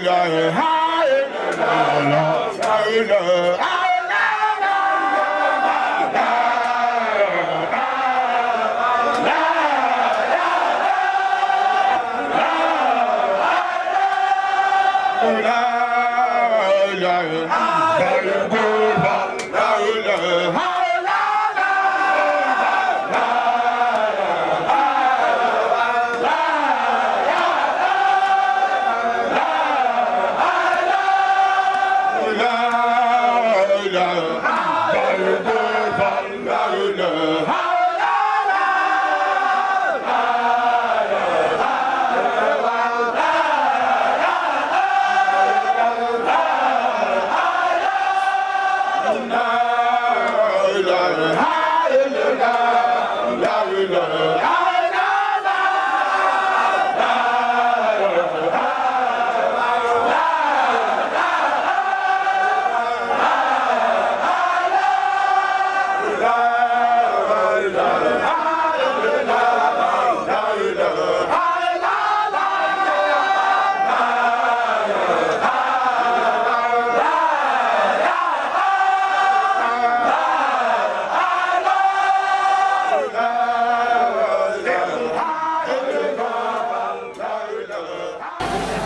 ilaha illallah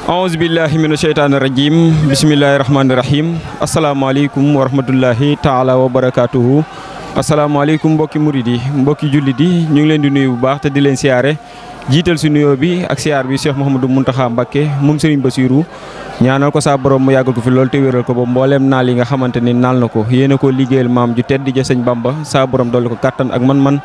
aouzu billahi mina sheytaani rajim bisimillahi rahmaani rahim asalaamaaleykum wa rahmatullahi taala wa barakaatuhu asalaamaaleykum mbokki murid yi mbokki jullit yi ñu ngi leen di nuyu bu baax te di leen siyaare jiital si nuyoo bi ak siyaar bi Cheikh Mouhamadou Mountakha Mbacké moom Serigne Bassirou ñaanal ko saa borom mu yàggal ko fi loolu te wéral ko ba mbooleem naal yi nga xamante ni naal na ko yéen a koo liggéeyal maam ju tedd ja baam ba saa borom dolli ko kattan ak man-man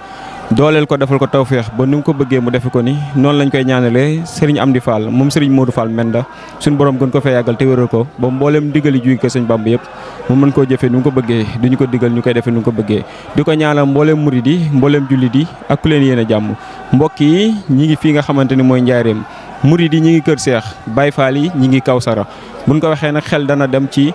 dooleel ko defal ko tawféex ba ni mu ko bëggee mu defe ko ni noonu lañ koy ñaanalee Serigne Amdi Fall moom Serigne Modou Fall Menda suñu borom gën ko fee yàggal te wéral ko ba mbooleem digali juy ko sëñ Bàmb yëpp mu mën koo jëfee ni mu ko bëggee duñu ko digal ñu koy defee ni mu ko bëggee di ko ñaanal mbooleem muri di mbooleem jullit yi ak ku leen yéen a jàmm mbokk yi ñi ngi fii nga xamante ni mooy njaareem murid yi ñi ngi kër seex Baye Fall yi ñi ngi Kawsara buñ ko waxee nag xel dana dem ci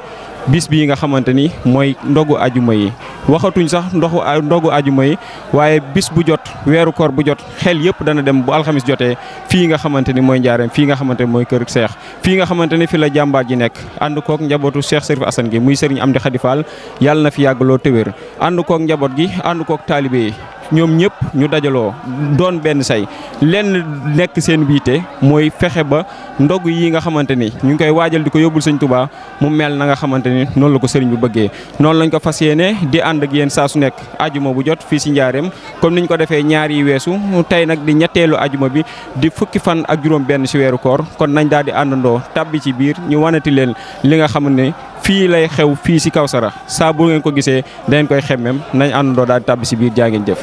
bis bii nga xamante ni mooy ndogu ajuma yi waxatuñ sax ndoxu ndogu ajuma yi waaye bis bu jot weeru koor bu jot xel yëpp dana dem bu alxamis jotee fii nga xamante ni mooy njaareem fii nga xamante ni mooy kër seex fii nga xamante ni fi la jàmbaar ji nekk ànd kook njabootu Cheikh Serif Assane gi muy Serigne Amdi Khady Fall yàlla na fi yàgg loo téwér ànd kook njaboot gi ànd kook taalibe yi ñoom ñëpp ñu dajaloo doon benn say lenn nekk seen biite mooy fexe ba ndog yi nga xamante ni ñu ngi koy waajal ko yóbbul Sëñ Tuubaa ni noonu la ko sëriñ bi bëggee noonu lañ ko fas yéene di ànd ak yéen saa su nekk ajuma bu jot fii si njaareem kon niñ ko defee ñaar yi weesu tey nag di ñetteelu ajuma bi di fukki fan ak juróom benn si weeru koor kon nañ daal di àndandoo tàbbi ci biir ñu wanati leen li nga xam ne fii lay xew fii si Kawsara saa bu ngeen ko gisee dangeen koy xemmem nañ àndandoo daal di tàbbi si biir jaa ngeen jëf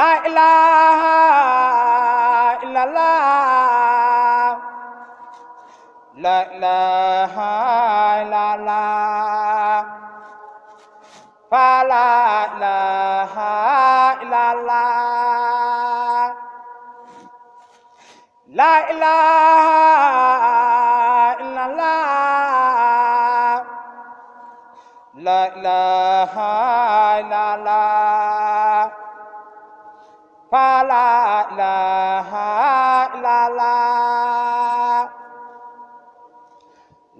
laa ilaaha illallaah laa ilaaha illallaah faa laa ilaaha illallaah laa ilaaha illallaah laa ilaaha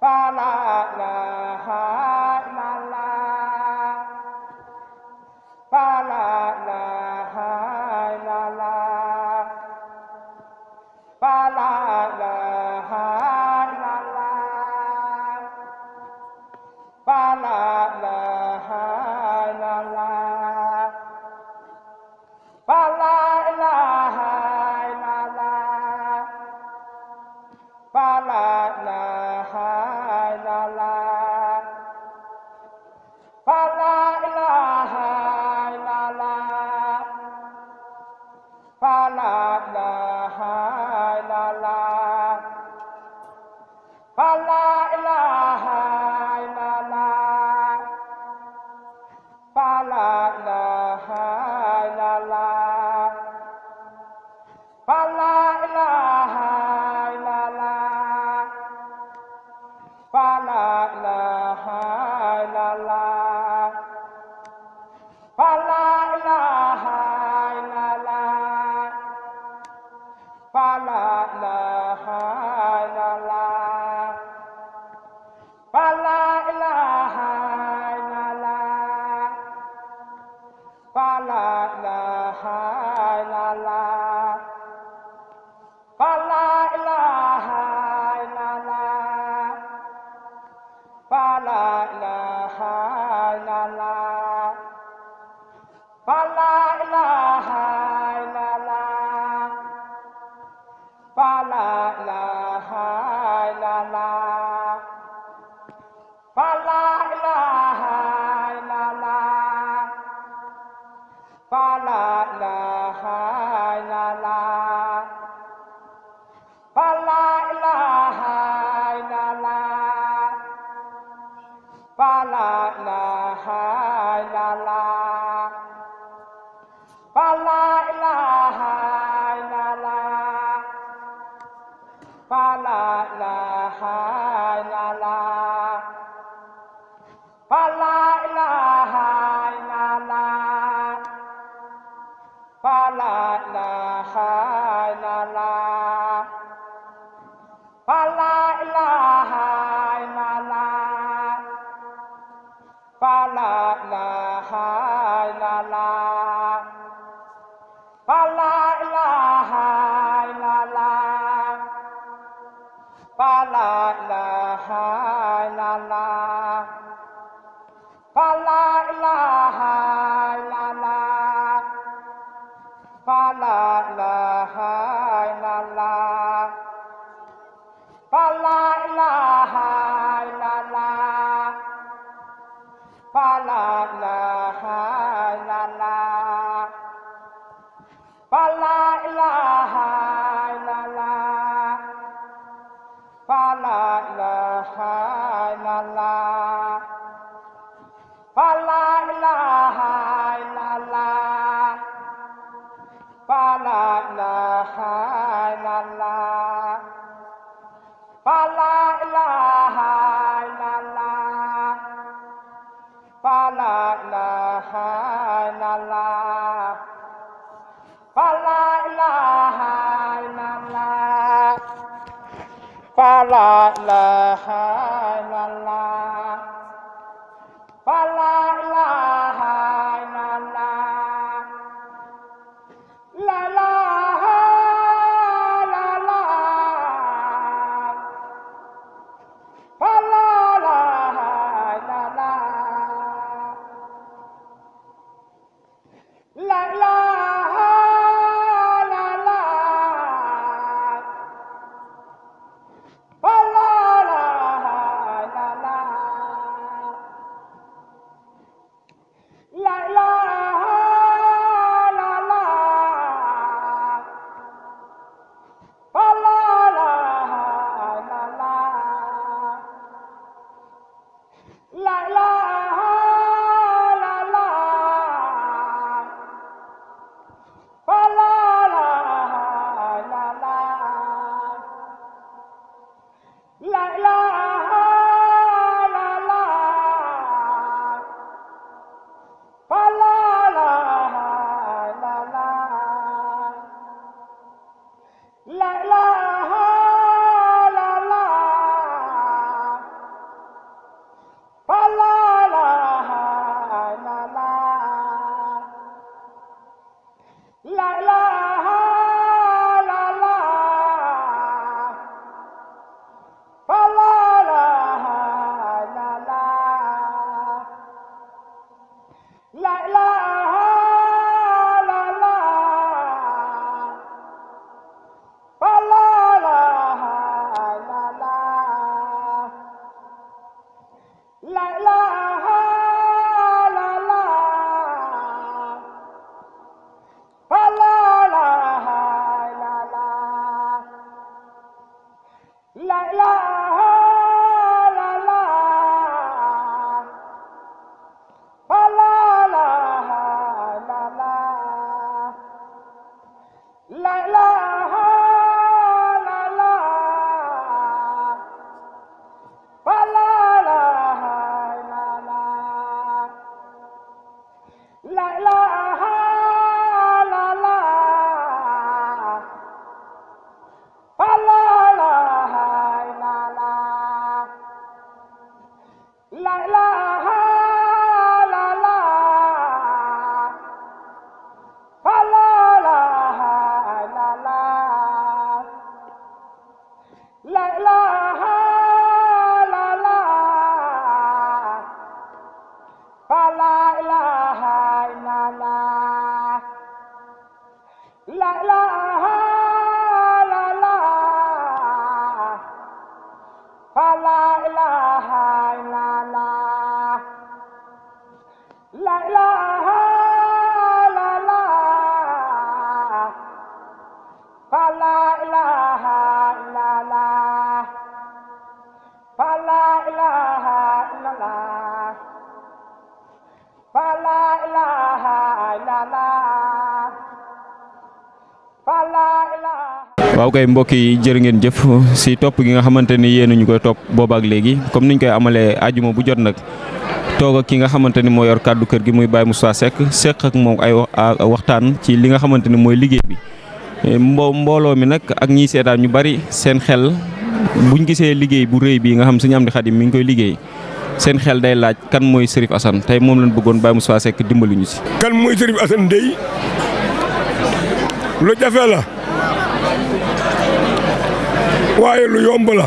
fa la la la la ilaha waaw kay mbokk yi jërë ngeen jëf si topp ki nga xamante ni yéen ñu koy topp boobaak léegi comme niñ koy amalee ajuma bu jot nag toog ki nga xamante ni moo yor kàddu kër gi muy Baye Moussa Seck seq ak moom ay waxtaan ci li nga xamante ni mooy liggéey bi mbo mbooloo mi nag ak ñiy seetaan ñu bari seen xel bu buñ gisee liggéey bu rëy bii nga xam Sëriñ Amdi Xaadim mi ngi koy liggéey seen xel day laaj kan mooy Sërif asan tey moom lañ bëggoon Baye Moussa Seck dimbali ñu si. kan mooy Sërif Assane dey lu jafe la waaye lu yomb la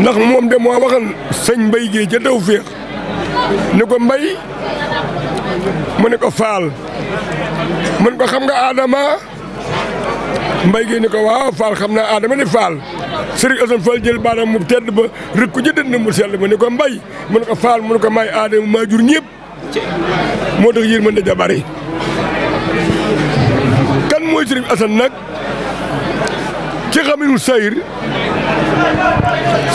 ndax moom de moo waxal sëñ Mbay Géey ca taw féex ni ko mbay mu ne ko faal mu ko xam nga Adama. mbay gi ko waaw Fall xam naa Adama ni Fall Serigne Assane Fall jël baaraam mu tedd ba rëkk ji dënd mu sell ba ni ko mbay mu ne ko Fall mu ne ko may Adama maa jur ñëpp moo tax yërmande ja bari kan mooy Serigne Assane nag ci xaminu sayir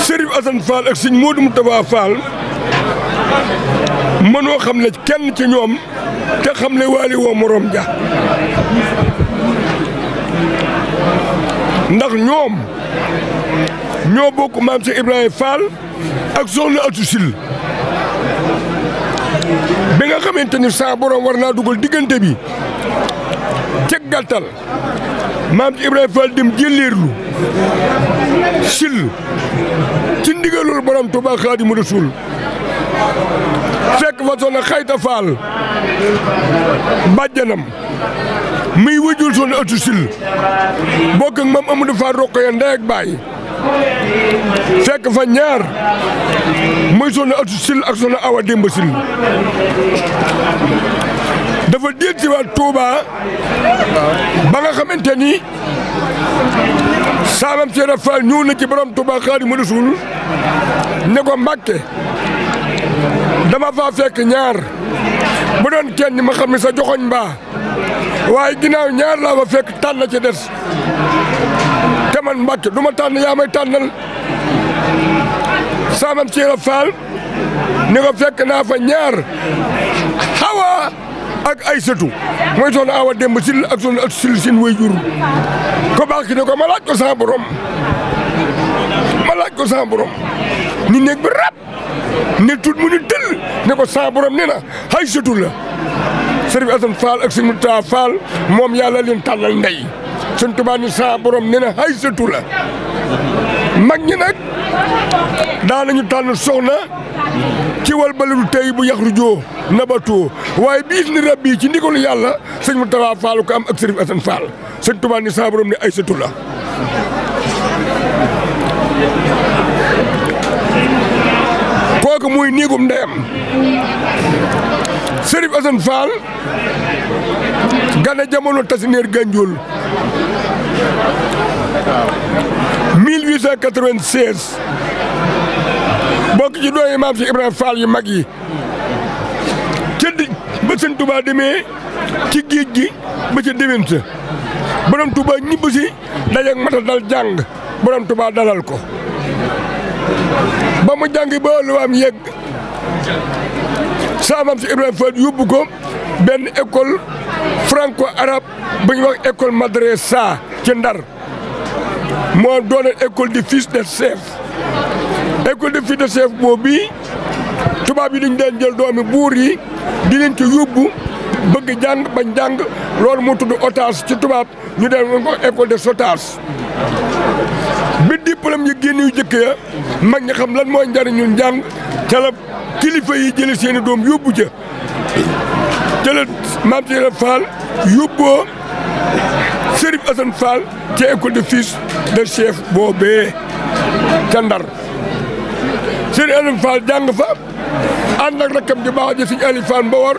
Serigne Assane Fall ak Serigne Modou Moustapha Fall mënoo xam ne kenn ci ñoom te xam ne waali woo moroom ja ndax ñoom ñoo bokk maam Cheikh Ibrahima Fall ak soxna Atou Syll bi nga xamante ni saa war naa dugal diggante bi ceg gàttal maam Cheikh Ibrahima Fall dem jëlleerlu Syll ci ndigalul borom Touba Xaadimu Rasuul fekk fa soxna Xayta Fall bàjjanam muy wëjul son ëttu sil bokk ak maam Amadou Fall Rokhaya ndey ak baay fekk fa ñaar muy son ëttu sil ak son awa démb sil dafa dél ci waa Touba ba nga xamante ni saamam Seera Fall ñëw na ci borom Touba Xaadimu Rasuul ne ko Mbàkke dama faa fekk ñaar mu doon kenn ma xam ne sa joxoñ mbaa waaye ginnaaw ñaar laa ba fekk tànn ci des te man Mbàkke du ma tànn yaa may tànnal saamam ci la faal ni ko fekk naa fa ñaar xawa ak ay sëtu mooy soxna Awa demb Syll ak soxna Atu Syll seen ko baax ki ne ko ma laaj ko sa ma laaj ko sa ñu néeg bi rab ne tuut mu ni tëll ne ko saa borom nee la sëriñ Assane Fall ak sëriñ Moussa Fall moom yàlla leen tàllal ndey sëriñ Tuubaa ni saa borom na xay satul la mag ñi nag daanañu tànn soxna ci walbalu tey bu yàq rujoo nabatoo waaye biis ni rab bii ci ndigalu yàlla sëñ Moustapha Fall ko am ak sëriñ Assane Fall sëñ Tuubaa ni saa ne ay sëtu la kooku muy niigum ndeyam Serif Assane Fall gane jamono Tassinère Gandiol 1896 bokk ci maam si Ibrahima Fall yu mag yi ca di ba demee ci géej gi ba ca déwén sa borom Touba ñibb dal jàng borom Touba dalal ko mu jàngi ba luwaam yegg saamam si Ibrahima Fall yóbbu ko benn école franko arab bu ñuy wax école madrasa ci Ndar moo doon école di fils de chef école de fils de chef boobu tubaab yi dañ daan jël doomi buur yi di leen ci yóbbu bëgg jàng bañ jàng loolu moo tudd otage ci tubaab ñu dem ko école de sotage diplôme yi génn yu jëkk ya mag ñi xam lan mooy njariñu njàng ca kilifa yi jële seeni doom yóbbu ca jële maam Seydou Fall yóbboo Sërif Assane Fall ci école de fils de chef boobee ca Ndar Sërif Assane Fall jàng fa ànd ak rakkam di baax ji suñu Aliou Fall Mbawar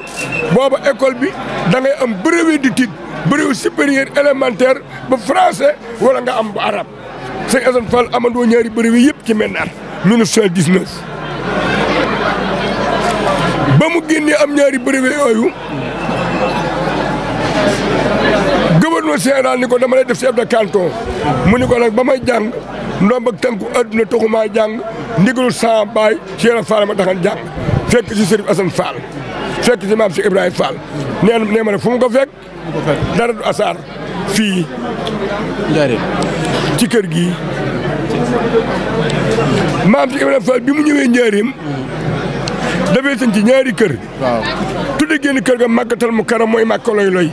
booba école bi da ngay am brevet d'études brevet supérieur élémentaire ba français wala nga am bu arabe sëñ Assane Fall amandoo ñaari bëri wi yëpp ci menn at 1919 ba mu génnee am ñaari bëri wi yooyu gouverneur général ni ko dama lay def chef de mu ni ko nag ba may jàng ndomb ak tànku adduna taxumaa jàng ndigalu sa baay Cheikh Fall ma taxan jàng fekk ci Serigne Assane Fall fekk ci maam si Ibrahima Fall nee nee ma ne dara du asaar fii ci kër gi maam ci Ibrahima Fall bi mu ñëwee njaarim dafay sañ ci ñaari kër tudde génn kër ga màkkatal mu karam mooy màkka loy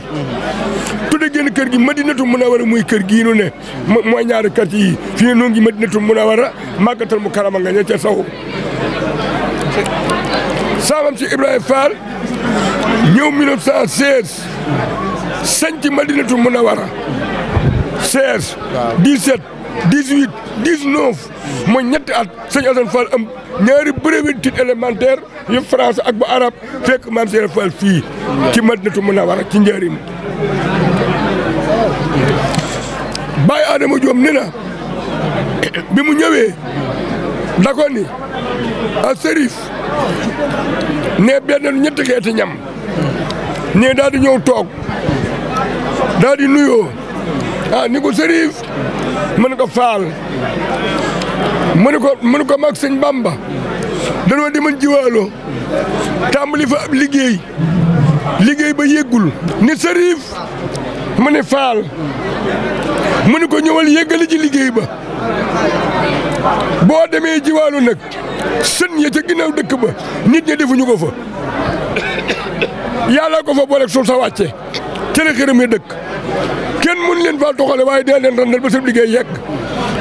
génn kër gi madinatu munawara muy kër gii nu ne mooy ñaari kër yi fii nu ngi madinatu munawara màkkatal mu karama nga ña ca saw saamam ci Ibrahima Fall ñëw 1916 sañ ci madinatu munawara 16. 17 18 19. mooy ñetti at sëñ Assane Fall am ñaari brevet titre élémentaire yu français ak bu arabe fekk maam Serigne Fall fii. ci Madinatu Munawara ci njëriñ. Baye Adama Diop nee na bi mu ñëwee da ko ni a Serif ne benn ñetti xeeti ñam ne daal di ñëw toog daal di nuyoo. a ah, ni ko sëriif mu ne ko faal mu ne ko mu ne mag sëñ bamba danoo demoon jiwaaloo tàmbali fa ab liggéey liggéey ba yëggul ni sëriif mu ne faal mu ne ko ñëwal yëggali ci liggéey ba boo demee jiwaalu nag sën ya ca ginnaaw dëkk ba nit ña defuñu ko fa yàlla ko fa boole suuf sa wàcce cërë xërëm ya dëkk kenn mën leen faa waaye dee leen randal ba sa liggéey yegg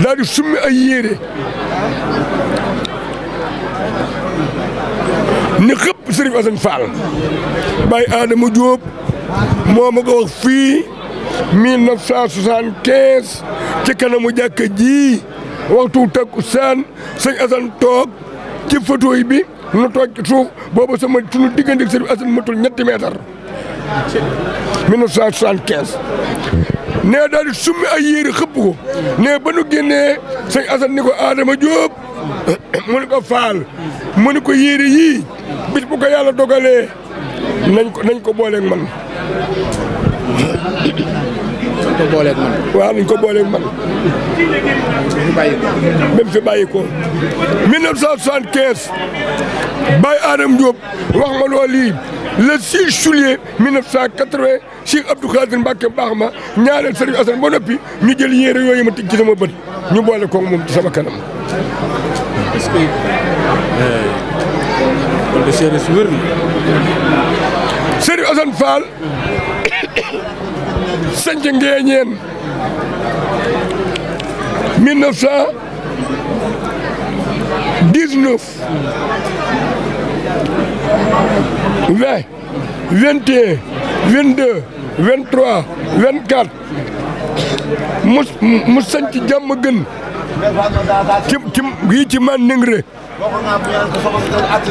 daal summi ay yére ni xëpp Serigne Assane Fall Baye Adama Diop moo ma wax fii ci kanamu jàkka ji waxtu takkusaan sëñ Assane toog ci photo yi bi nu toog ci suuf boobu sama sunu diggante Serigne Assane matul ñetti mètre nee daal di summi ay yéeri xëpp ko nee ba nu génnee sëñ Assane ni ko Adama Diop mu ni ko faal mu ni ko yéeri yii bis bu ko yàlla dogalee nañ ko nañ ko booleeg man suñ ko booleeg man. waaw nañ ko booleeg man. fi bàyyi ko. même fi bàyyi ko. 1975 Baye Adam Diop wax ma loo lii le 6 juillet 1980 Cheikh Abdou Khadir Mbacke baax ma ñaareel Serigne Assane ba noppi ñu jël yéere yooyu ma tëj ci sama bët ñu boole koog moom ci sama kanam. est-ce que. kon euh, de Serigne su wér Serigne Assane Fall. sanc Ngeeñeen 1919 20 21 22 23 24 mu mu sanc jàmm gën ci ci yii ci man ningre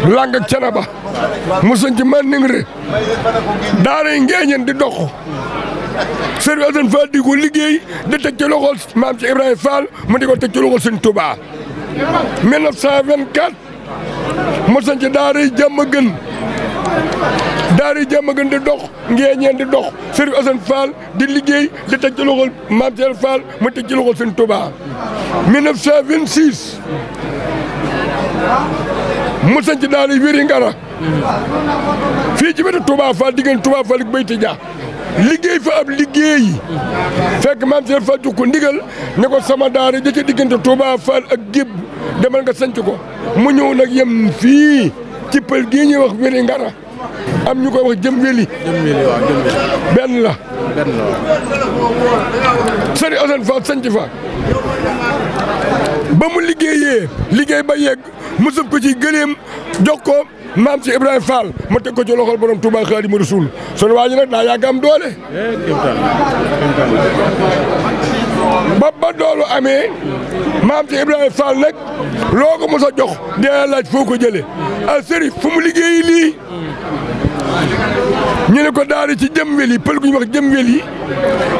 làng ak canaba mu sanc man ningre daara yi Ngeeñeen di dox Serigne Assane Fall di ko liggéey di teg ci maam ci Ibrahima Fall mu di ko teg ci loxol Serigne Touba 1924 mu sañ ci daara jàmm gën daara jàmm gën di dox ngeeñeen di dox Serigne Assane Fall di liggéey di teg ci loxol maam ci Ibrahima mu teg ci loxol Serigne Touba 1926 mu sañ ci daara wéri ngara fii ci wetu Touba Fall diggante Touba Fall ak Bayti Dia liggéey fa ab liggéey fekk maam Cheikh Fall jox ko ndigal ne ko sama daara ja ca diggante Touba Fall ak Géb demal nga sanc ko mu ñëw nag yem fii ci pël gii ñuy wax wéli ngara am ñu koy wax jëm wéli benn la sëriñ Assane Fall sanc fa ba mu liggéeyee liggéey ba yegg mu sëf ko ci gëléem jox maam ci Ibrahima Fall ma teg ko ci loxol borom Touba Xaadimu Rasuul sunu waa ji nag daa yàgg am doole. ba doolu amee maam ci Ibrahima Fall nag loo ko mos a jox laaj foo ko jëlee al sëriñ fu mu liggéeyi lii. ñu ne ko daari ci jëmwel yi pël gu ñu wax jëmwel yi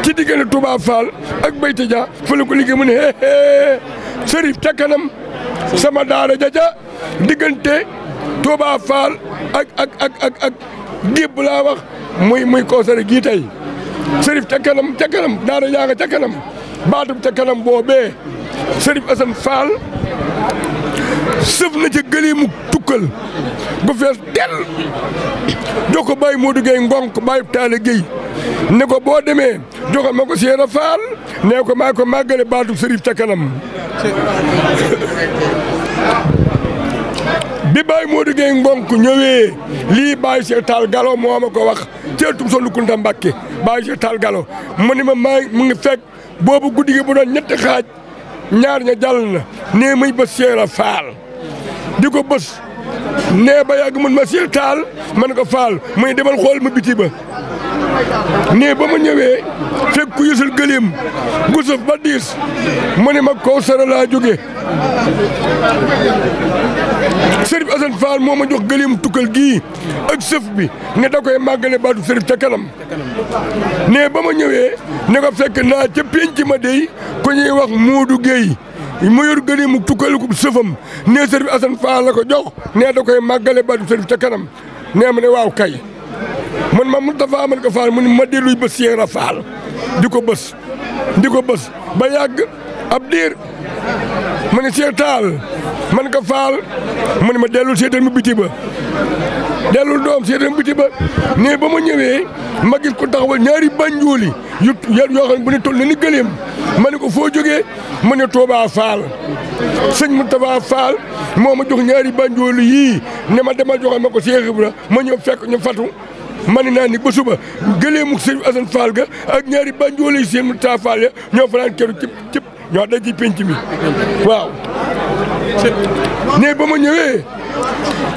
ci diggante Touba Fall ak Bayte Dia fa la ko liggéey mu ne hee hee sëriñ ca kanam sama daara jaja diggante. Touba Fall ak ak ak ak ak gébb laa muy muy koosare gii sërif ca kanam ca kanam daara yaa nga ca kanam baatum ca kanam boobee sërif Assane Fall sëf na ca gëleemu tukkal bu fees del doo ko bàyyi moo duggee ngonk bàyyi taale géy ne ko boo demee joxal ma ko Sëriñ Faal ne ko maa ko màggale baatu sërif ca kanam bi Baye Modou Gueye Ngonk ñëwee lii Baye Cheikh Tall Gallo moo ma ko wax ceetum solu kunta Mbàkke Baye Cheikh Tall Gallo mu ni ma maa mu ngi fekk boobu guddi bu doon ñetti xaaj ñaar ña jàll na nee muy bës seera faal di ko bës nee ba yàgg mun ma Cheikh Tall man ko faal muy demal xool ma biti ba ne ba ma ñëwee fekk ku yësal gëléem gusuf ba diis mu ne ma kaw sara laa jóge Sërif Asan Faal moo ma jox gëléem tukkal gii ak sëf bi ne da koy màggale baatu sërif ca kanam ne ba ma ñëwee ne ko fekk naa ca ci ma dey ko ñuy wax Moodu Géey mu yor gëni mu tukkal ko sëfam ne Sërif Asan Faal ko jox ne da koy màggale baatu sërif ca kanam ne ma ne waaw kay mën ma Moustapha man ko Fall mu ma dellu bës Cheikh Ibra Fall di ko bës di ko bës ba yàgg ab diir ma ne Cheikh Tall man ko Fall mu ne ma dellul seetal mu biti ba dellul doom seetal mu biti ba ba ma ñëwee ma gis ko taxawal ñaari yi yu yoo xam ne bu ne toll na ni gëleem ma ne ko foo jógee mu ne Touba Fall sëñ Moustapha Fall moo ma jox ñaari banjooli yii ne ma demal joxal ma ko Cheikh Ibra ma ñëw fekk ñu fatu mani naa ni ba suba gëléemu sëñ Assane Fall ga ak ñaari banjoole yu seen taa Fall ya ñoo fanaan keru cëp cëp ñoo daj ci penc mi waaw ne ba ma ñëwee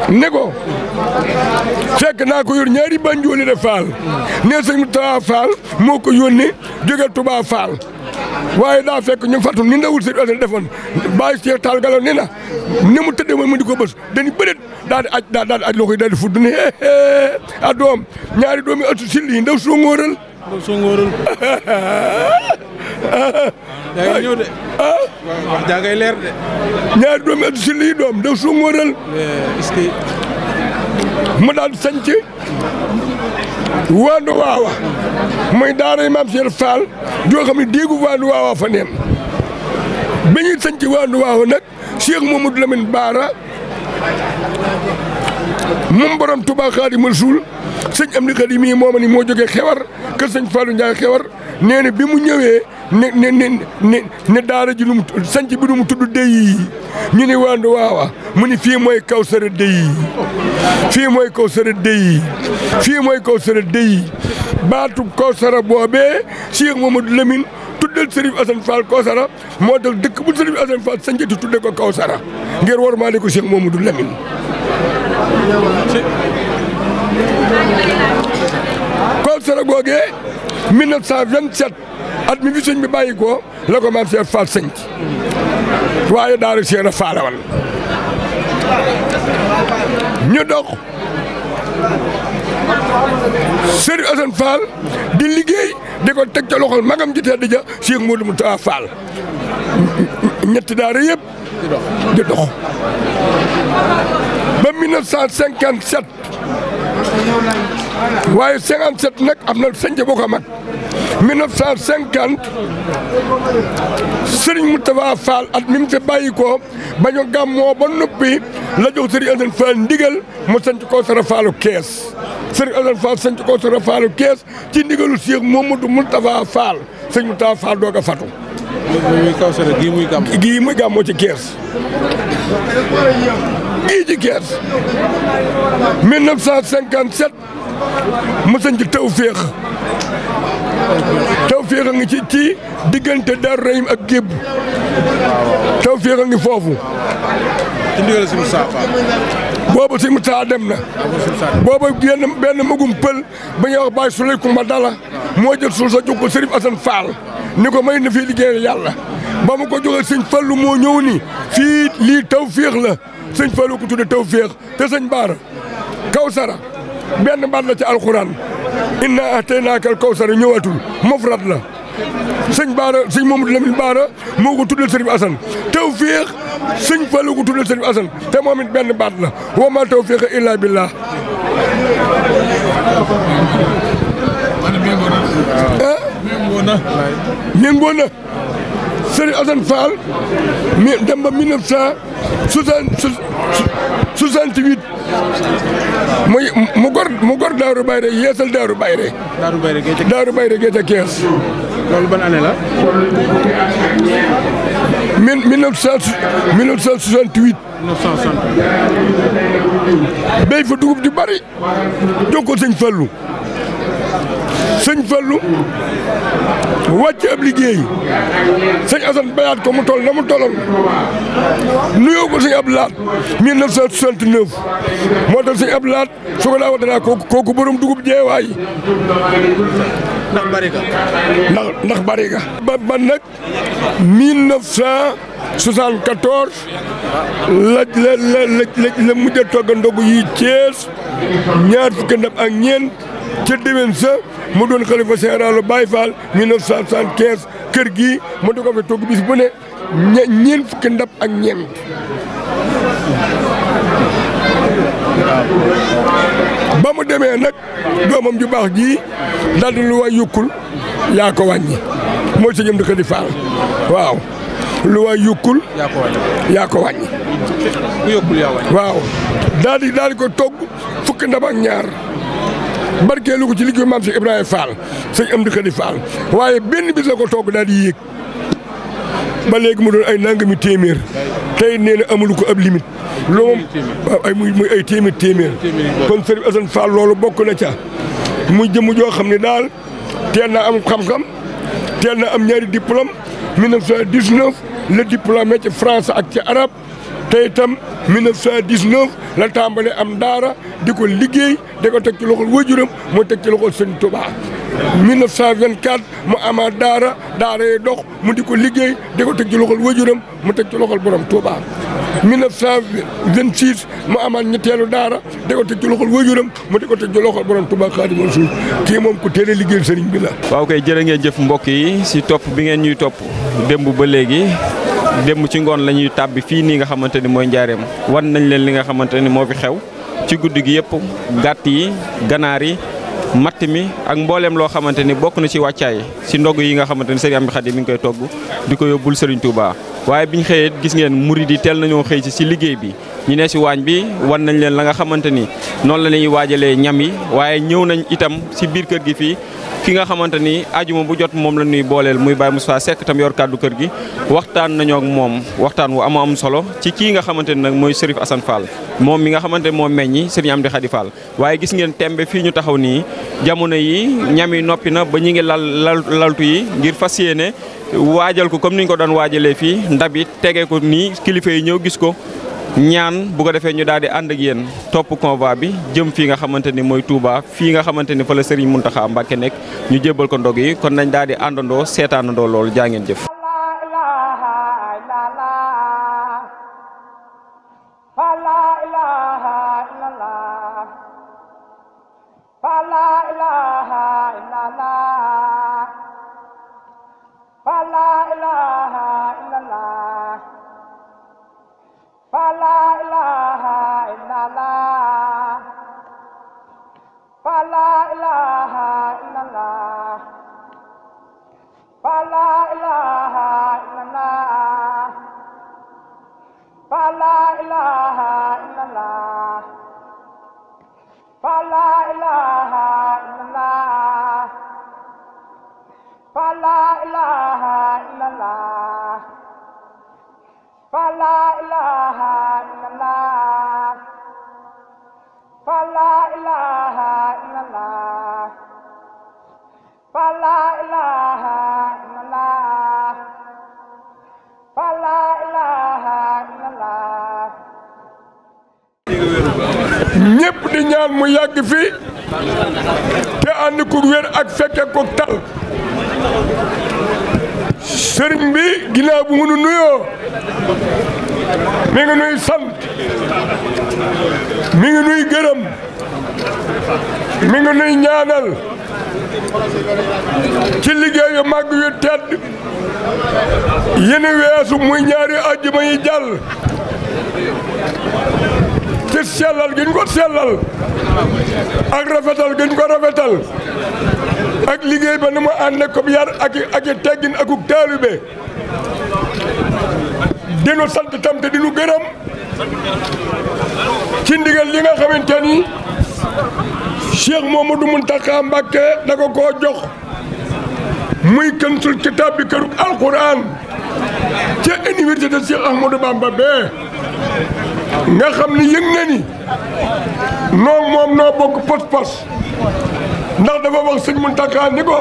ne ko fekk naa ko yor ñaari banjoole de Fall ne sëñ Taa Fall moo ko yónnee jóge tubaa Fall waaye daa fekk ñu ngi fàttali ni ndawul si hôtel defoon bàyyi Cheikh Tall Gallo nee na ni mu tëddee mooy mu di ko bës dañu bëreet daal di aj daal di aj loo koy daal di a doom ñaari doomi ëttu silli yi ndaw soo ngóoral soo ngóoral yaa ah? leer ñaari doomi ëttu doom ndaw soo ngóoral mu daal di sanc waandu waawa muy daaray maam Cheikh Fall joo xam ne déegu waandu waawa fa neen bi ñuy sanc waandu waawa nag Cheikh Mamadou Lamine Baara moom borom Touba Xaadimu Rasuul sëñ Amdi Xaadim mii mooma ni moo joge xewar kër sëñ Fallou Ndiaye xewar nee na bi mu ñëwee ne ne daara ji nu mu sanc bi nu mu tudd déy ñu ni waandu waawa mu ni fii mooy kaw sara déy fii mooy kaw sara déy fii mooy kaw sara déy baatu kaw sara boobee Cheikh Mamadou Lamine tuddal Serigne Assane Fall moo tax dëkk bu a Assane Fall sanc di tudde ko Kawsara ngir war maa ne ko Cheikh Mamadou Lamine concert googee 1927 at mi fi sëñ bi bàyyi ko la ko maam Cheikh Fall sëñ waaye daara Cheikh Fallawal ñu dox Serigne Assane Fall di liggéey di ko teg ca loxol magam ji tedd ja Cheikh Modou Moustapha Fall ñetti daara yëpp di dox ba 1957 waaye 57 nag am na sëñ boo ko mag 1950 Serigne Moustapha Fall at mi mu fi bàyyi ko ba ñu gàmmoo ba noppi la jox Serigne Assane Fall ndigal mu sanc Kawsara Fallu Kees Serigne Assane Fall sanc Kawsara Fallu Kees ci ndigalu Cheikh Mamadou Moustapha Fall Serigne Moustapha Fall doog a fatu. bii ji Thiès 1957 mu sañ ci tawféex tawféex a ngi ci ci diggante Darou Rahim ak Gébb tawféex a ngi foofu. ci ndigal si Moussa boobu dem na. boobu genn benn magum pël ba ñuy wax Baye Souley Koumba Dala moo jël suuf sa jox ko Serif Assane Fall ni ko may na fii liggéeyal yàlla. ba mu ko jógal sëñ Fallu moo ñëw ni fii lii tawféex la sëñ Fallu ko tudde tawféex te sëñ Baara Kawsara benn baat la ci alxuraan inna ataynaaka al Kawsara ñëwatul mufrad la sëñ Baara sëñ Mamadou Lamine Baara moo ko tuddal Sëriñ Asan tawféex sëñ Fallu ko tuddal Sëriñ Asan te moom benn baat la wa maa tawféexa illaa billah ah méngoo Serigne Assane Fall mi dem ba 1968 mu mu gor mu gor Daaru Bayre yeesal Daaru Bayre. Daaru Bayre Géej ak Daaru dugub ju bari jox ko sëñ sëñ Fallu wàcc ab liggéey sëñ Assane bayaat ko mu toll na mu tolloon nuyoo ko sëñ Abdou Lahad 1969 moo tax sëñ Abdou Lahad su ko daa wax kooku kooku dugub jeewaay ndax bariga ndax bariga ba ba nag 1974 la la la la ndogu yi Thiès ñaar fukki ndab ak ñeent ci déwén mu doon xalifa général Baye Fall 1975 kër gii mu di ko fi togg bis bu ne ñeent fukki ndab ak ñeent ba mu demee nag doomam ju baax ji daal di lu waay yokkul yaa ko wàññi mooy sa ñëm di Xadi waaw lu waay yokkul yaa ko wàññi waaw daal di ko togg fukki ndab ak ñaar barkeelu ko ci liggéeyu maam Cheikh Ibrahima Fall sëñ Amdi Khadi Fall waaye benn bis ko togg daal di yéeg ba mu doon ay nangami téeméer tey nee amulu ko ab limite loolu mu ay muy muy ay téeméer téeméer kon sëriñ Assane Fall loolu bokk na ca muy jëmm joo xam ne daal teel naa am xam-xam teel naa am ñaari diplôme 1919 le diplôme ci France ak ci arabe te itam 1919 la tàmbale am daara di ko liggéey di ko teg ci loxol waajuram moo teg ci loxol Sëñ Tuubaa 1924 mu amaat daara daara dox mu di ko liggéey di ko teg ci loxol waajuram mu teg ci loxol borom Tuubaa 1926 mu amaat ñetteelu daara di ko teg ci loxol waajuram mu di ko teg ci loxol borom Tuubaa Xaadimu Rasuul kii moom ku teel a liggéeyal bi la. waaw koy jërë ngeen jëf mbokk yi si topp bi ngeen ñuy topp démb ba léegi. démb ci ngoon la ñuy tàbbi fii nii nga xamante ni mooy njaareem wan nañ leen li nga xamante ni moo fi xew ci guddi gi yëpp gàtt yi ganaar yi matt mi ak mbooleem loo xamante ni bokk na ci wàccaay si ndog yi nga xamante ni Serigne Amdy Khady mi ngi koy togg di ko yóbbul Serigne Touba waaye biñ xëyee gis ngeen muri yi teel nañoo xëy si si liggéey bi ñu ne si waañ bi wan nañ leen la nga xamante ni noonu la ñuy waajalee ñam yi waaye ñëw nañ itam si biir kër gi fii ki nga xamante ni ajuma bu jot moom la ñuy booleel muy mu saa Seck tam yor kàddu kër gi waxtaan nañoo moom waxtaan wu am am solo ci kii nga xamante ni nag mooy Serif Assane moom mi nga xamante ni moo meññi Serigne Amdy Khady Fall waaye gis ngeen tembe fii ñu taxaw nii jamono yi ñam yi noppi na ba ñu ngi lal lal laltu yi ngir fas yéene waajal ko comme ni ñu ko doon waajalee fii ndab yi tege ko nii kilifa yi ñëw gis ko ñaan bu ko defee ñu daa di ànd ak yéen topp convoi bi jëm fii nga xamante ni mooy tuuba fii nga xamante ni fa la Serigne Mountakha Mbacké nekk ñu jébbal ko ndog yi kon nañ daal di àndandoo seetaanandoo loolu jaa jëf. yàgg fii te ànd ku wér ak fekke ko tal sëriñ bi ginnaaw bu mi ngi nuy sant mi ngi nuy gërëm mi ngi nuy ñaanal ci liggéeyu màgg yu tedd yéni weesu muy ñaari àjjuma yi jàll ci sellal gi ñu ko sellal ak rafetal gën ko rafetal ak liggéey ba nu mu ànd ak ko yar ak ak teggin akuk taalibe dinu sant tam te dinu gërëm ci ndigal li nga xamante ni Cheikh Mouhamadou Mountakha Mbacké da ko koo jox muy kansul kitaab bi këru alquran ca université Cheikh Ahmadou Bamba bee nga xam ni yëg na ni noo moom noo bokk pos-pos ndax dafa wax sëñ Muntaxa ni ko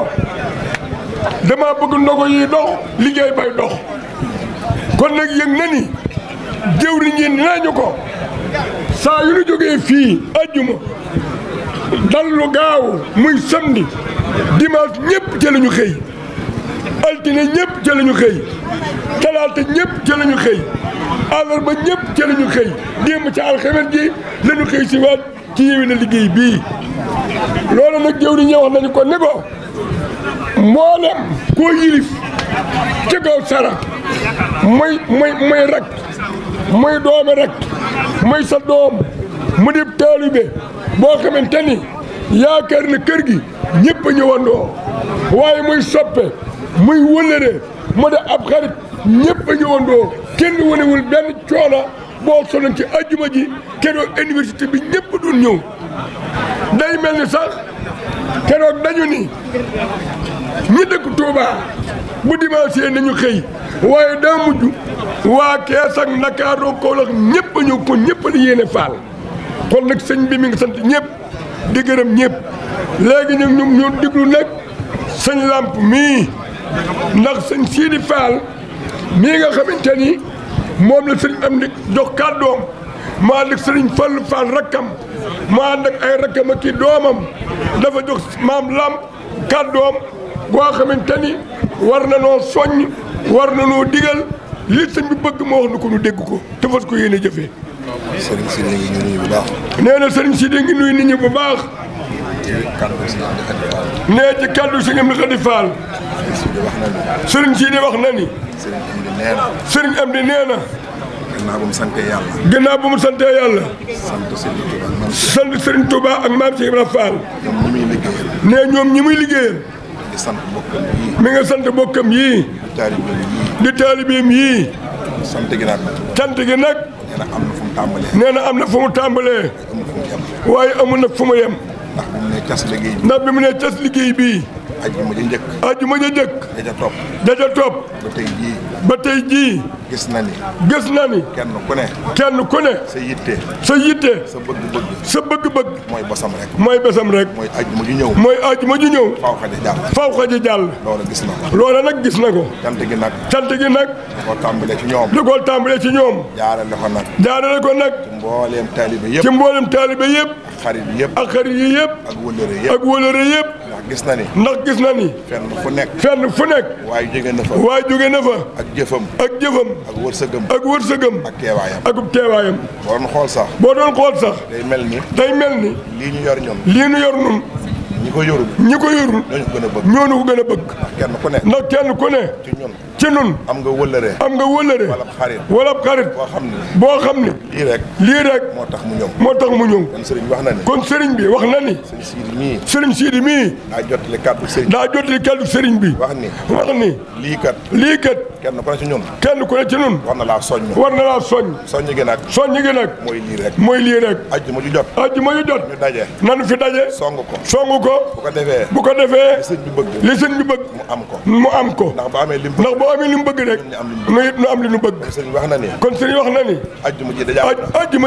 dama bëgg ndogo yi dox liggéey bay dox kon nag yëg na ni jëwriñ yi nañu ko saa yu nu jógee fii ajjuma dallu gaaw muy samedi dimanche ñëpp ci lañu xëy altine ñëpp ci lañu xëy talaata ñëpp ci lañu xëy alors ba ñëpp ca la ñu xëy démb ca alxames gi la ñu xëy si waat ci yéwén a liggéey bii loolu nag jëw di ñëw nañu ko ne ko mboolem koo yilif ca kaw sara moy moy mooy rak mooy doomi rak mooy sa doom mu dib taalibe boo xamante ni yaakaar na kër gi ñëpp ñëwandoo waaye muy soppe muy wëllëre moo tax ab xarit ñëpp a ñëwandoo kenn benn coono boo soloon ci ajjuma ji keroog université bi ñëpp dun ñëw day mel ni sax keroog dañu ni ñi dëkk Touba bu dimanche nañu xëy waaye daa mujj waa Kees ak Ndakaaru Kawlax ñëpp a ñëw kon ñëpp la yéene faal kon nag sëñ bi mi ngi sant ñëpp di gërëm ñëpp léegi ñu ñu diglu nag sëñ làmp mi ndax sëñ Sidi Fall mii nga xamante ni moom la sëñ am di jox kàddoom maa nag sëriñ Fallu Fall rakkam maa nag ay rakkam ak i doomam dafa jox maam lam kàddoom goo xamante ni war na noo soññ war na noo digal li sëñ bi bëgg moo wax ko nu dégg ko te fas ko yéene jëfee. sëriñ Sidi ngi nuyu bu bu baax. nee ci kàddu si ngeen di xadi faal. sëriñ si bu mu sant sëriñ Touba ak maam Cheikh ñi muy liggéeyal. sant bokkam yii. di taalibeem yii. sant gi nag. sant gi nag. nee na am na fu mu tàmbalee. nee na am waaye amul na fu mu ndax bi mu ne cas liggéey bi. ndax mu ne cas liggéey bii. ajjuma ja njëkk. ajjuma ja njëkk. daja topp. daja topp. ba tey jii. ba tey jii. gis na ni. gis na ni. kenn ku ne. kenn ku ne. sa yitte. sa yitte. sa bëgg-bëgg. sa bëgg-bëgg. mooy basam rek. mooy basam rek. mooy ajjuma ju ñëw. mooy ajjuma ju ñëw. faaw xaja jàll. faaw xaja jàll. loola na nag gis na ko. cant gi nag. cant gi nag. li ko tàmbalee ci ñoom. li ko tàmbalee ci ñoom. jaarale ko nag. jaarale ko nag. mbooleem taalibe yëpp ci mbooleem taalibe yëpp. ak xarit yëpp ak xarit yi yëpp. ak wëllëre yëpp ak wëllëre yëpp. ndax gis na ni. ndax gis na ni. fenn fu nekk. fenn fu nekk. waaye jóge na fa. waaye jóge na ak jëfam. ak jëfam. ak wërsëgam. ak wërsëgam. ak teewaayam. ak teewaayam. boo doon xool sax. boo doon xool sax. day mel ni. day mel ni. lii ñu yor ñoom. lii ñu yor ñun. ñi ko yorul. ñi ko yorul. ñu ko gën a bëgg. ñoo ñu ko gën a bëgg. ndax kenn ku ne. ndax kenn ku ne. ci ñun ci nun am nga wëllëre am nga wëllëre wala xarit wala xarit boo xam ne boo xam ne lii rek lii rek moo tax mu ñëw moo tax mu ñëw kon sëriñ bi wax na ni kon sëriñ bi wax na ni sëriñ siidi mii sëriñ siidi mii daa jot kàddu sëriñ daa jotali kàddu sëriñ bi wax ni wax ni lii kat lii kat kenn ku ne ci ñun kenn ku ne ci ñun war na laa soññ war na laa soññ soññ gi nag soññ gi nag mooy lii rek mooy lii rek ajjuma ju jot ajjuma ju jot ñu daje nanu fi daje song ko song ko bu ko defee bu ko defee li sëriñ bi bëgg li sëriñ mu am ko mu am ko ndax bu amee lim boo amee li mu bëgg rek nu it nu am li nu bëgg kon sëriñ wax na ni ajjuma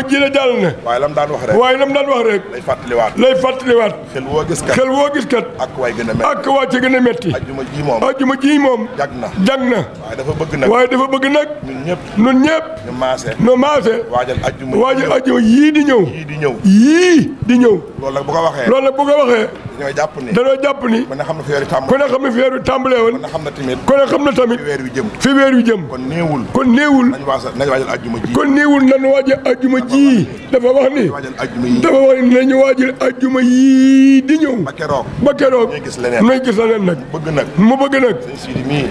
ji la jàll na waaye lam daan wax rek waaye lam daan wax rek lay fàttaliwaat lay fàttaliwaat xel woo gis kat xel a metti a metti na jag na waaye dafa bëgg nag waaye dafa bëgg yii di ñëw di ñëw yii di ñëw loolu nag bu ko waxee loolu nag bu ko waxee dañoo jàpp ni dañoo jàpp ni ku ne xam ne tamit weer wi jëm. fi weer wi jëm. kon néewul. kon néewul. nañu waajal nañu waajal àjjuma ji. kon néewul nañu waajal àjjuma ji. dafa wax ni dafa wax ni nañu waajal àjjuma yii di ñëw. ba keroog ba keroog. ñooy gis leneen bëgg nag mu bëgg nag.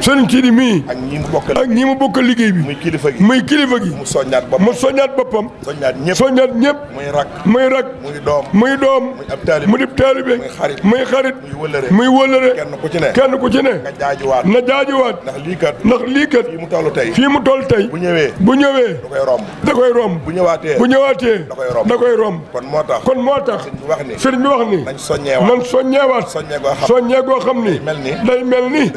sëñ Sidi ak ñi mu bokkal ak liggéey bi. muy kilifa gi mu soññaat boppam mu soññaat boppam. soññaat ñëpp soññaat ñëpp. muy rak muy rak. muy doom mu di taalibe muy xarit muy xarit. muy wëllëre muy wëllëre. kenn ku ci ne. kenn ku ci ne. na jaajuwaat kat ndax lii kat fii mu toll tey fii mu toll tey bu ñëwee bu ñëwee da koy romb da koy romb bu ñëwaatee bu ñëwaatee da koy romb da koy romb kon moo tax kon moo tax sëriñ bi wax ni nañ soññeewaat nañ soññeewaat soññee goo xam ni day mel ni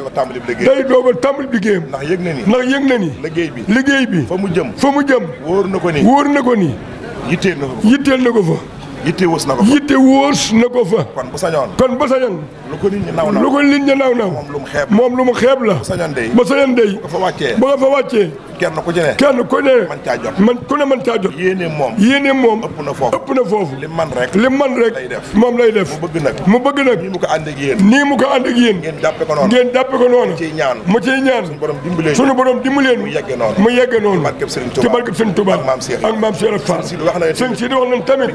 day doogal tàmbali liggéeyam ndax yëg na ni ndax yëg na ni liggéey bi liggéey bi fa mu jëm fa mu jëm wóor na ko ni wóor na ko nii yitteel na ko fa yitte wës na ko fa yitte wës na ko fa. kon bu sañoon lu ko nit ñi naw naw moom lu mu xeeb la. bu sañoon dey bu sañoon dey. ba fa wàccee ba fa wàccee. kenn ku ci ne. kenn ku ne. man caa jot man moom ëpp na foofu ëpp man rek moom lay def. mu bëgg nag mu bëgg nag. nii mu ko ànd ak yéen. ngeen jàppe ko noonu mu ciy ñaan mu ciy ñaan. suñu borom mu yegge noonu ci barkeb Sëriñ Tuubaa ak maam Cheikh ak maam Cheikh Fall. sëñ si wax nañ tamit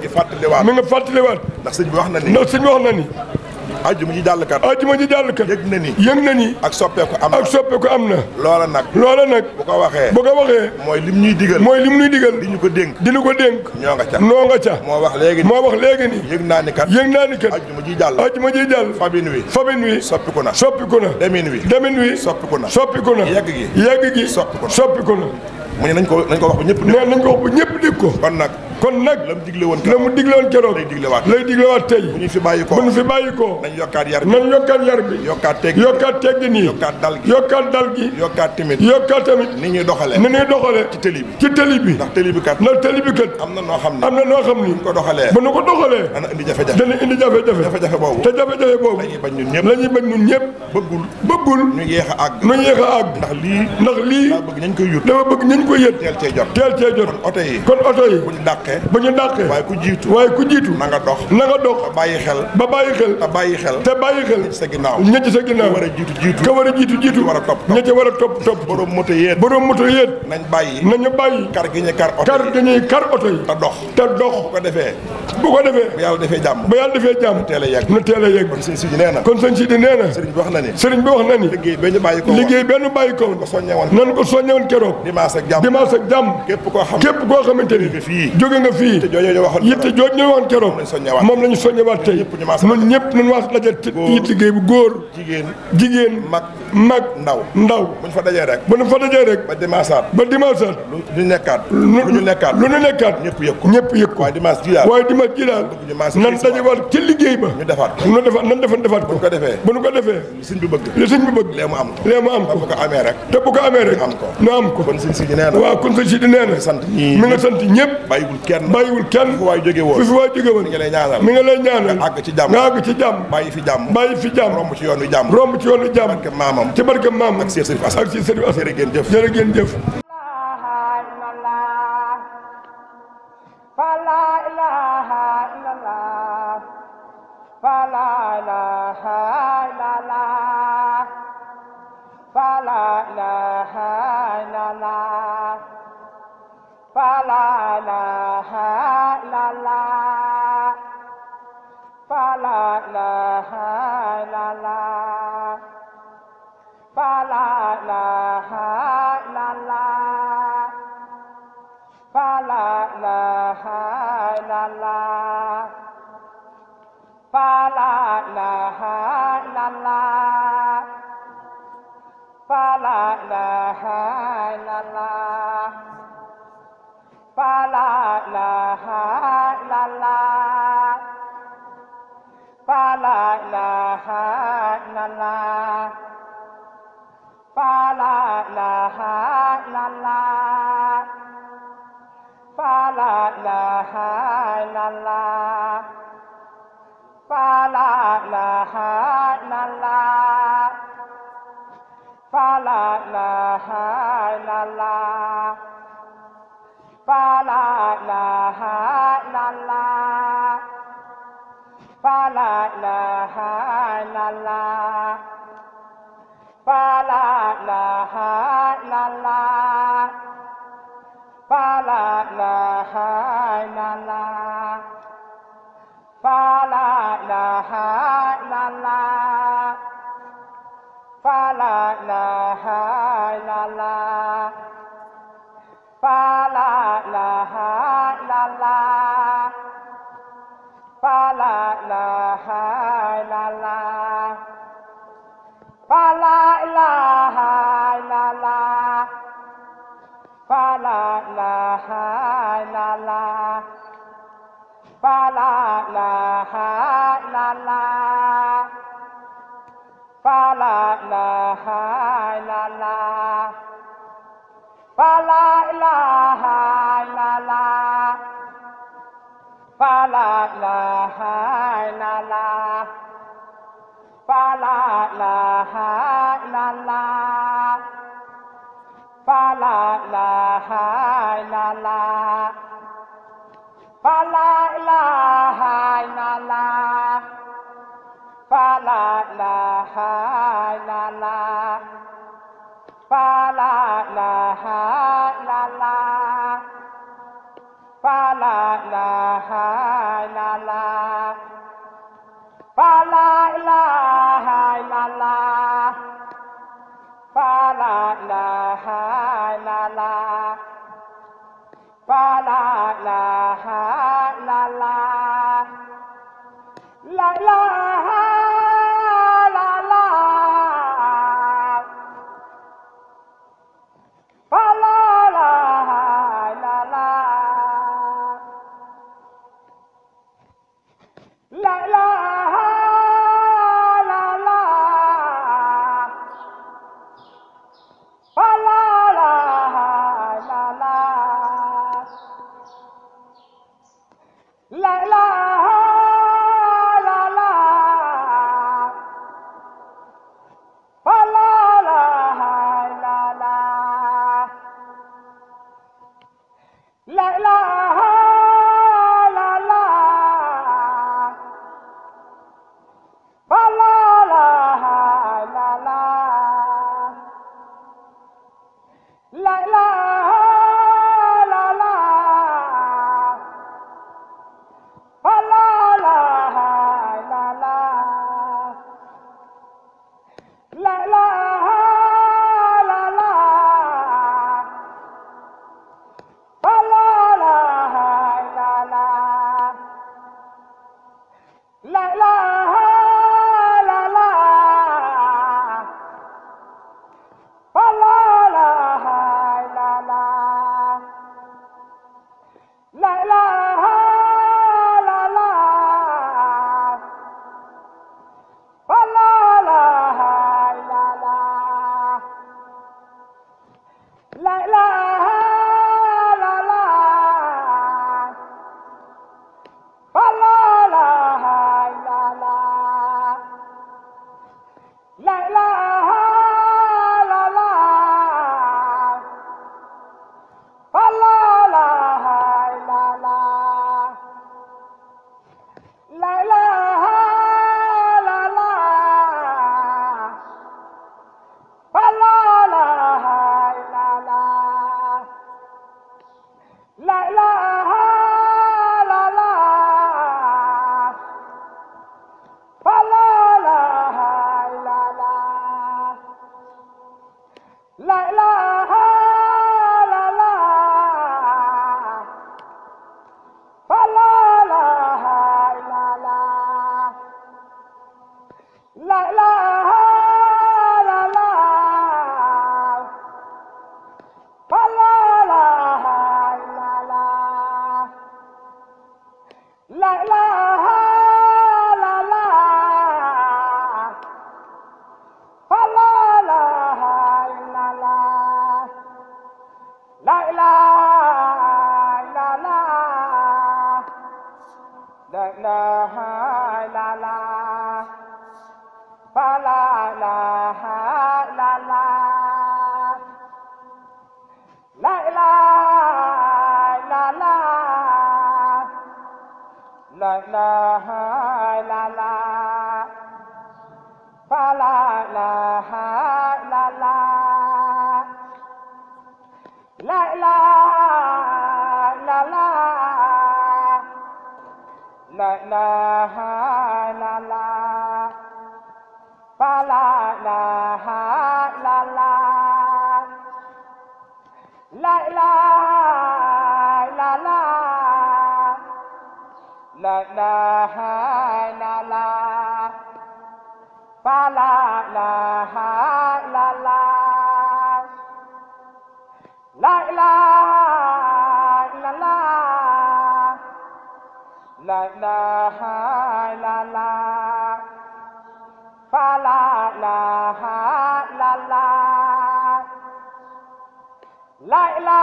fàttaliwaat na nga fàttaliwaat. ndax sëñ bi wax na ni ndax sëñ wax na ni. ajjuma ji jàll kat ji jàll kat yëg na ni yëg na ni ak soppeeku am soppeeku am na loola nag loola nag bu ko waxee boo ko waxee mooy lim ñuy digal mooy lim ñuy digal di ñu ko dénk di ñu ko dénk ñoo nga ca noo nga moo wax léegi moo wax léegi ni yëg naa ni kat yëg naa ni kat ajjuma ji jàll ajjuma ji jàll fabin wi fabin wi soppiku na soppiku na demin wi demin wi soppiku na soppiku na yegg gi yeg gi soppiku na soppiku na mu ko nañ ko wax bu ñëpp dégg ko nañ ko wax bu ñëpp dégg ko kon nag kon nag la mu digle woon keroog la mu digle woon keroog lay diglewaat lay diglewaat tey bu ñu fi bàyyi ko bu ñu fi bàyyi ko nañ yokkaat yar bi nañ yokkaat yar bi yokkaat teg yokkaat teggi nii yokkaat dal gi yokkaat dal gi yokkaat tamit yokkaat tamit ni ñuy doxalee ni ñuy doxalee ci tëli bi ci tëli bi ndax tëli bi kat ndax tëli bi kat am na noo xam ne am na noo xam ni bu ñu ko doxalee bu ñu ko doxalee dana indi jafe-jafe dana indi jafe-jafe jafe-jafe boobu te jafe-jafe boobu lañuy bañ ñun ñëpp la ñuy bañ ñun ñëpp bëggul bëggul ñu yéex a àgg ñu yéex a àgg ndax lii ndax lii dama bëgg nañ koy yut dama bëgg nañ koy yët teel cee jot teel cee jot kon oto yi kon oto yi dàqee ba ñu dàqee waaye ku jiitu waaye dox na dox ba bàyyi xel ba bàyyi xel te bàyyi xel te bàyyi xel ña ci sa ginnaaw ña sa ginnaaw war war a jiitu jiitu war war a topp topp borom moto yéet borom moto yéet nañ bàyyi bàyyi kar gi ñuy kar oto yi te dox ko defee bu ko defee bu yàlla defee jàmm bu yàlla defee jàmm nu teel a yegg kon sëñ si di nee na bi wax na ni sëriñ bi wax na ni liggéey benn bàyyi ko liggéey benn ko soññewoon keroog dimanche jàmm képp koo xamante ni jóge nga fii yitte jooj ñu waxoon keroog moom la ñu soññewaat tey ñun ñëpp nañu wax daje yitte liggéey bu góor jigéen mag mag ndaw ndaw bu ñu fa dajee rek bu ñu fa dajee rek ba dimaasaat ba dimaasaat lu ñu nekkaat lu ñu nekkaat lu ñu nekkaat ñëpp yëg ko ñëpp yëg ko waaye dimanche ji daal waaye dimanche ji daal nan dajewaat ca liggéey ba ñu defaat ñu defaat nan defaat defaat ko bu ñu ko defee bu ñu ko defee sëñ bi bëgg li sëñ bi bëgg lee mu am ko lee mu am ko bu ko amee rek te bu ko amee rek am ko ñu am ko kon sëñ si di nee na waaw kon sëñ si di nee na sant mi nga sant ñëpp bàyyiwul kenn bàyyiwul kenn fu waay jóge woon fu waay jóge woon mi ngi lay ñaanal mi ngi lay ñaanal àgg nga àgg ci jàmm bàyyi fi jàmm bàyyi fi jàmm romb ci yoonu jàmm romb ci yoonu jàmm barke maamam ci barke maamam ak Serigne Assane ak Serigne la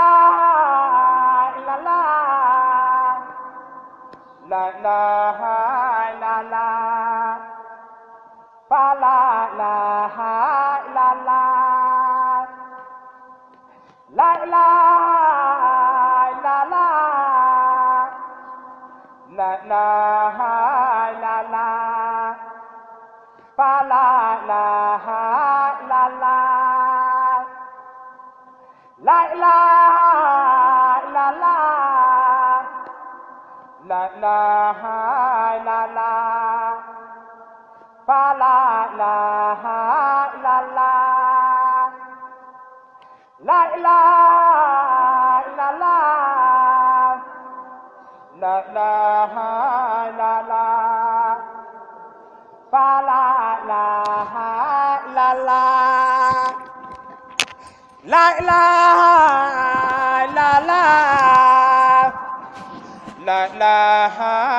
إلا الله لا إله aflaha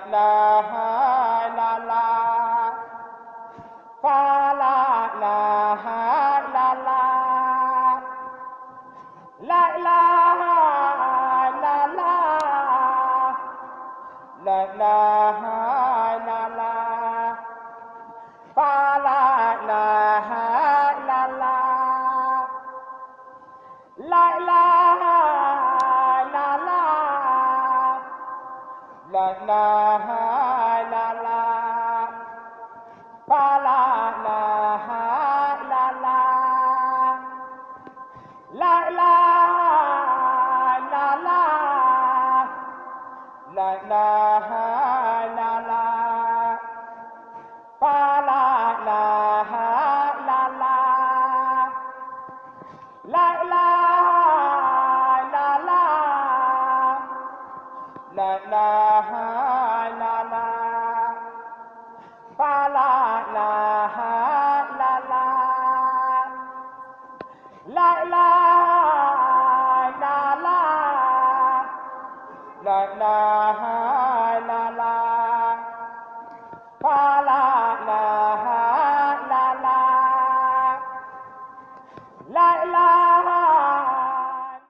إله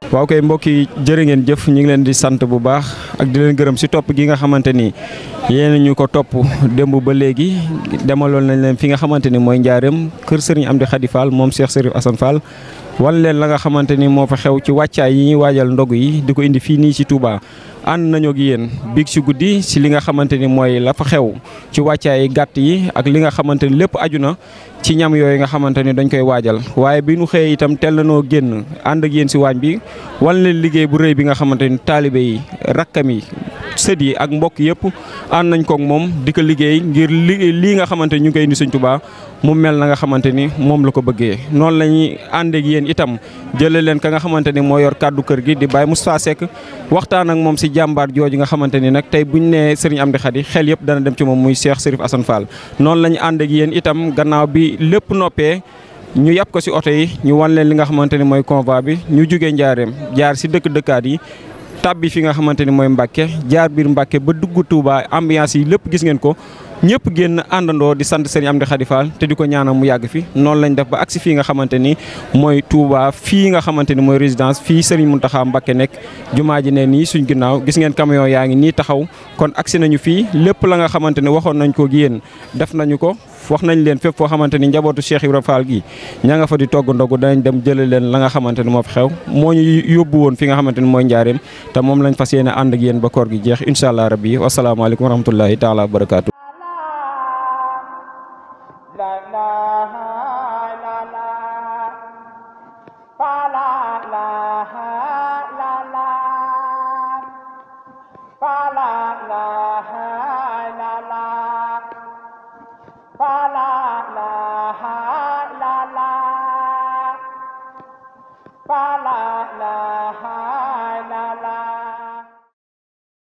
waaw kay mbokk yi jërë ngeen jëf ñu ngi leen di sant bu baax ak di leen gërëm si topp gi nga xamante ni yéen ñu ko topp démb ba léegi demaloon nañ leen fi nga xamante ni mooy njaareem kër sëriñ am di Fall moom seex Serif Assane Fall. wan leen la nga xamante ni moo fa xew ci wàccaay yi ñuy waajal ndog yi di ko indi fii nii si Touba ànd nañoo ak yéen biig si guddi si li nga xamante ni mooy la fa xew ci wàccaay gàtt yi ak li nga xamante ni lépp aju na ci ñam yooyu nga xamante ni dañ koy waajal waaye bi ñu xëyee itam teel na noo génn ànd ak yéen si waañ bi wan leen liggéey bu rëy bi nga xamante ni taalibe yi rakkam yi sët yi ak mbokk yëpp ànd nañ kook moom di ko liggéey ngir li lii nga xamante ni ñu ngi koy indi Sëñ Tuubaa mu mel na nga xamante ni moom la ko bëggee noonu la ñuy ànd ak yéen itam jëlee leen ka nga xamante ni moo yor kàddu kër gi di Baye Moustapha Seck waxtaan ak moom si jàmbaar jooju nga xamante ni nag tey bu ñu nee Serigne Amdy Khady xel yëpp dana dem ci moom muy Cheikh Serif Assane Fall lépp noppee ñu yàpp ko si oto yi ñu wan leen li nga xamante ni mooy convoi bi ñu jugee njaareem jaar si dëkk dëkkaat yi tàbbi fi nga xamante ni mooy Mbàkke jaar biir Mbàkke ba dugg Touba ambiance yi lépp gis ngeen ko ñëpp génn àndandoo di sant Serigne am Khady Fall te di ko ñaanal mu yàgg fi noonu lañu def ba agsi fii nga xamante ni mooy Touba fii nga xamante ni mooy résidence fii Serigne Mountakha Mbacké nekk jumaa ji ne nii suñ ginnaaw gis ngeen camion yaa ngi nii taxaw kon agsi nañu fii lépp la nga xamante ne waxoon nañ ko yéen def nañu ko wax nañ leen fépp foo xamante ni njabootu Cheikh Ibra Fall gi ña nga fa di togg ndogu danañ dem jëlee leen la nga xamante ni moo fi xew moo ñu yóbbu woon fi nga xamante ni mooy njaareem te moom lañ fas yéene ànd ak yéen ba koor gi jeex incha allah rabbi wasalaamaaleykum wa rahmatullahi taala wa barakaatu